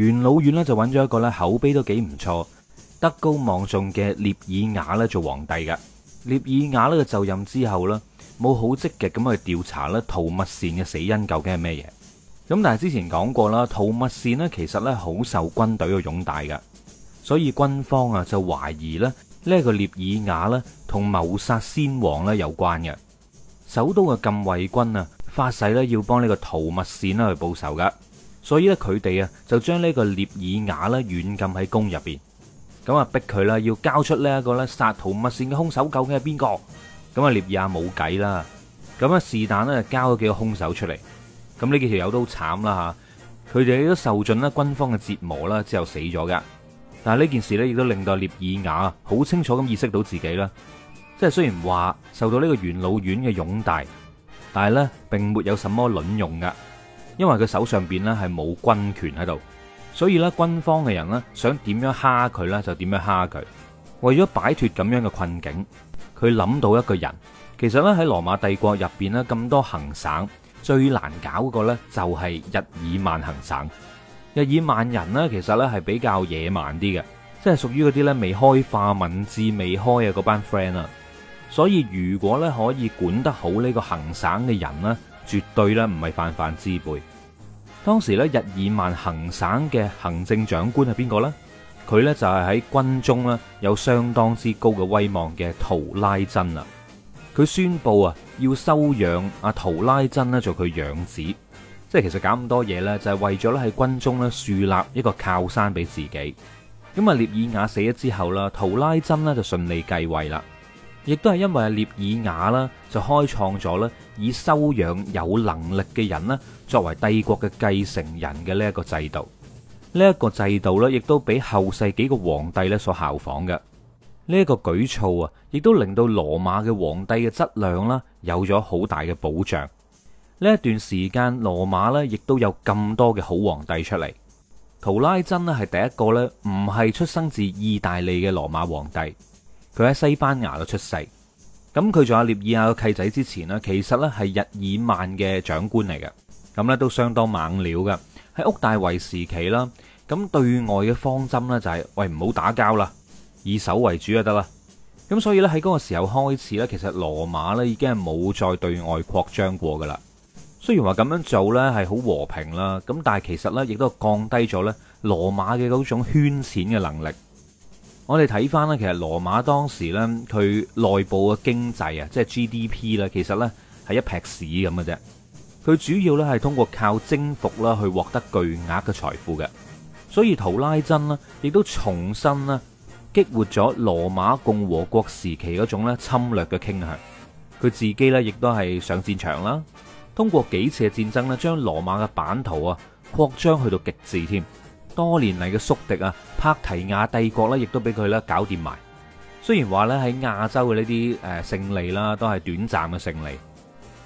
元老院呢，就揾咗一個咧口碑都幾唔錯、德高望重嘅聶爾瓦咧做皇帝嘅。聶爾瓦呢，嘅就任之後呢，冇好積極咁去調查咧圖密善嘅死因究竟係咩嘢。咁但係之前講過啦，圖密善呢其實呢好受軍隊嘅擁戴嘅，所以軍方啊就懷疑咧呢個聶爾瓦呢同謀，謀殺先王呢有關嘅。首都嘅禁衛軍啊發誓呢要幫呢個圖密善呢去報仇噶。所以咧，佢哋啊，就將呢個聶爾瓦咧軟禁喺宮入邊，咁啊逼佢啦要交出呢一個咧殺圖密善嘅凶手究竟係邊個？咁啊聶爾瓦冇計啦，咁啊是但咧交咗幾個凶手出嚟，咁呢幾條友都慘啦吓，佢哋都受盡啦軍方嘅折磨啦之後死咗噶。但係呢件事呢，亦都令到聶爾瓦好清楚咁意識到自己啦，即係雖然話受到呢個元老院嘅擁戴，但係咧並沒有什麼卵用噶。因為佢手上邊咧係冇軍權喺度，所以咧軍方嘅人呢，想點樣蝦佢呢，就點樣蝦佢。為咗擺脫咁樣嘅困境，佢諗到一個人。其實咧喺羅馬帝國入邊呢，咁多行省，最難搞嗰個呢，就係日耳曼行省。日耳曼人呢，其實呢係比較野蠻啲嘅，即係屬於嗰啲咧未開化、文字未開嘅嗰班 friend 啊。所以如果呢可以管得好呢個行省嘅人呢，絕對呢唔係泛泛之輩。當時咧日耳曼行省嘅行政長官係邊個呢？佢咧就係喺軍中咧有相當之高嘅威望嘅圖拉真。啊！佢宣布啊要收養阿圖拉真咧做佢養子，即係其實搞咁多嘢咧就係為咗咧喺軍中咧樹立一個靠山俾自己。咁啊，聶爾瓦死咗之後啦，圖拉真咧就順利繼位啦。亦都係因為阿涅耳雅啦，就開創咗咧，以收養有能力嘅人咧，作為帝國嘅繼承人嘅呢一個制度。呢一個制度呢，亦都俾後世幾個皇帝呢所效仿嘅。呢一個舉措啊，亦都令到羅馬嘅皇帝嘅質量啦，有咗好大嘅保障。呢一段時間，羅馬呢亦都有咁多嘅好皇帝出嚟。圖拉真呢，係第一個呢唔係出生自意大利嘅羅馬皇帝。佢喺西班牙度出世，咁佢做阿涅爾亞嘅契仔之前呢，其實呢係日耳曼嘅長官嚟嘅，咁呢都相當猛料嘅。喺屋大維時期啦，咁對外嘅方針呢，就係，就係喂唔好打交啦，以守為主就得啦。咁所以呢，喺嗰個時候開始呢，其實羅馬呢已經係冇再對外擴張過噶啦。雖然話咁樣做呢係好和平啦，咁但係其實呢，亦都降低咗呢羅馬嘅嗰種圈錢嘅能力。我哋睇翻咧，其實羅馬當時咧，佢內部嘅經濟啊，即係 GDP 咧，其實咧係一劈屎咁嘅啫。佢主要咧係通過靠征服啦，去獲得巨額嘅財富嘅。所以圖拉真呢亦都重新啦，激活咗羅馬共和國時期嗰種咧侵略嘅傾向。佢自己咧亦都係上戰場啦，通過幾次嘅戰爭呢，將羅馬嘅版圖啊擴張去到極致添。多年嚟嘅宿敵啊，帕提亞帝國呢，亦都俾佢咧搞掂埋。雖然話呢，喺亞洲嘅呢啲誒勝利啦，都係短暫嘅勝利。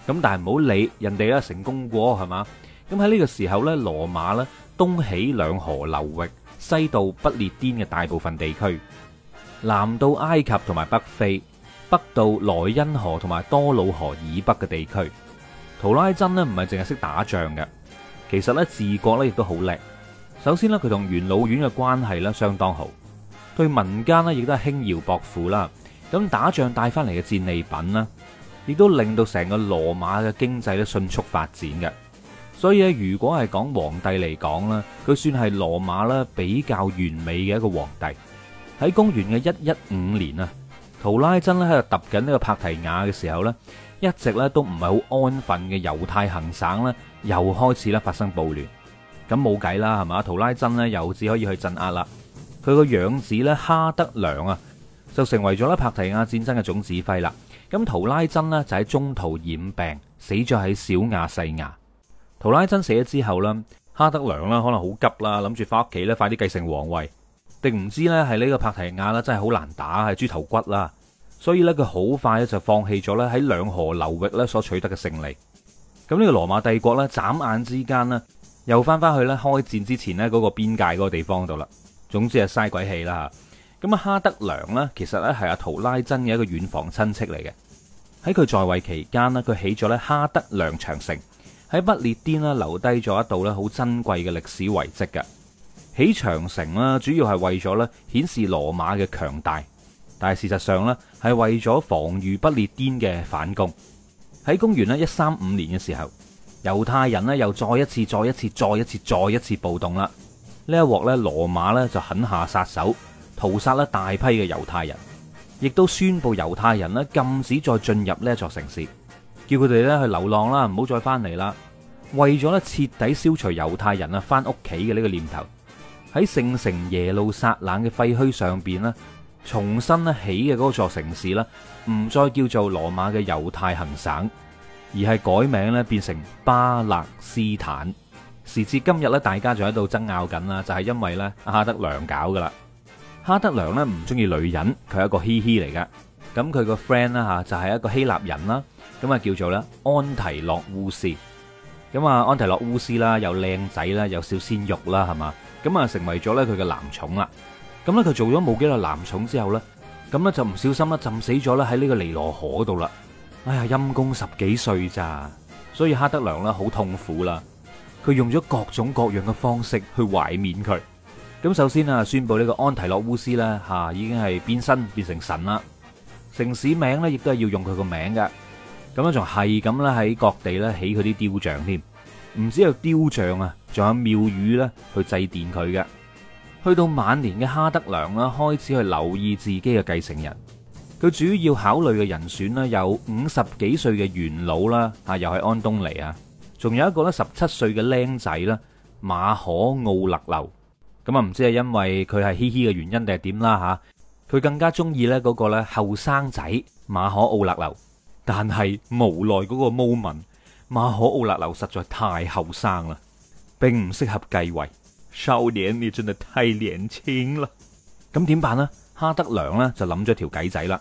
咁但係唔好理人哋啦，成功過係嘛？咁喺呢個時候呢，羅馬呢，東起兩河流域，西到不列顛嘅大部分地區，南到埃及同埋北非，北到萊茵河同埋多瑙河以北嘅地區。圖拉真呢，唔係淨係識打仗嘅，其實呢，治國呢，亦都好叻。首先咧，佢同元老院嘅關係咧相當好，對民間咧亦都係輕徭薄賦啦。咁打仗帶翻嚟嘅戰利品咧，亦都令到成個羅馬嘅經濟咧迅速發展嘅。所以咧，如果係講皇帝嚟講咧，佢算係羅馬咧比較完美嘅一個皇帝。喺公元嘅一一五年啊，圖拉真咧喺度揼緊呢個帕提亞嘅時候咧，一直咧都唔係好安分嘅猶太行省咧，又開始咧發生暴亂。咁冇計啦，係嘛？圖拉真呢，又只可以去鎮壓啦。佢個養子咧哈德良啊，就成為咗咧帕提亞戰爭嘅總指揮啦。咁圖拉真呢，就喺中途染病死咗喺小亞細亞。圖拉真死咗之後呢，哈德良啦可能好急啦，諗住翻屋企咧快啲繼承皇位，定唔知呢，喺呢個帕提亞呢，真係好難打，係豬頭骨啦。所以呢，佢好快咧就放棄咗咧喺兩河流域呢所取得嘅勝利。咁呢個羅馬帝國呢，眨眼之間咧。又翻返去咧，開戰之前呢，嗰、嗰個邊界嗰個地方度啦。總之係嘥鬼氣啦吓。咁啊，哈德良呢，其實呢係阿圖拉真嘅一個遠房親戚嚟嘅。喺佢在位期間呢，佢起咗咧哈德良長城，喺不列顛呢留低咗一道咧好珍貴嘅歷史遺跡嘅。起長城呢，主要係為咗呢顯示羅馬嘅強大，但係事實上呢，係為咗防禦不列顛嘅反攻。喺公元呢一三五年嘅時候，猶太人咧又再一次、再一次、再一次、再一次暴動啦！呢一鑊咧，羅馬咧就狠下殺手，屠殺咧大批嘅猶太人，亦都宣布猶太人咧禁止再進入呢一座城市，叫佢哋咧去流浪啦，唔好再返嚟啦，為咗咧徹底消除猶太人啊返屋企嘅呢個念頭。喺聖城耶路撒冷嘅廢墟上邊咧，重新咧起嘅嗰座城市咧，唔再叫做羅馬嘅猶太行省。而係改名咧，變成巴勒斯坦。時至今日咧，大家仲喺度爭拗緊啦，就係、是、因為咧哈德良搞噶啦。哈德良咧唔中意女人，佢係一個嘻嘻嚟噶。咁佢個 friend 啦嚇，就係一個希臘人啦。咁啊叫做咧安，安提洛烏斯。咁啊安提洛烏斯啦，又靚仔啦，有小鮮肉啦，係嘛？咁啊成為咗咧佢嘅男寵啦。咁咧佢做咗冇幾耐男寵之後咧，咁咧就唔小心咧浸死咗咧喺呢個尼羅河度啦。哎呀，陰公十幾歲咋，所以哈德良咧好痛苦啦，佢用咗各種各樣嘅方式去懷緬佢。咁首先啊，宣佈呢個安提洛烏斯咧吓、啊，已經係變身變成神啦。城市名咧亦都係要用佢個名嘅。咁樣仲係咁啦，喺各地咧起佢啲雕像添。唔止有雕像啊，仲有廟宇咧去祭奠佢嘅。去到晚年嘅哈德良啦，開始去留意自己嘅繼承人。佢主要考慮嘅人選咧，有五十幾歲嘅元老啦，嚇又係安東尼啊，仲有一個咧十七歲嘅僆仔啦，馬可奧勒留。咁啊，唔知係因為佢係嘻嘻嘅原因定係點啦嚇？佢更加中意咧嗰個咧後生仔馬可奧勒留，但係無奈嗰個 moment 馬可奧勒留實在太後生啦，並唔適合繼位。少年，你真係太年輕啦！咁點辦咧？哈德良咧就諗咗條計仔啦。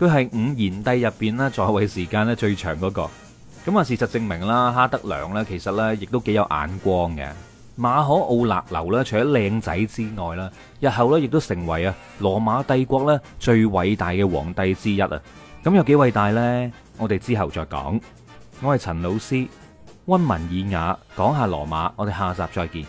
佢係五賢帝入邊呢在位時間呢最長嗰個。咁啊，事實證明啦，哈德良呢其實呢亦都幾有眼光嘅。馬可奧勒流呢，除咗靚仔之外啦，日後呢亦都成為啊羅馬帝國呢最偉大嘅皇帝之一啊。咁有幾偉大呢？我哋之後再講。我係陳老師，溫文爾雅，講下羅馬，我哋下集再見。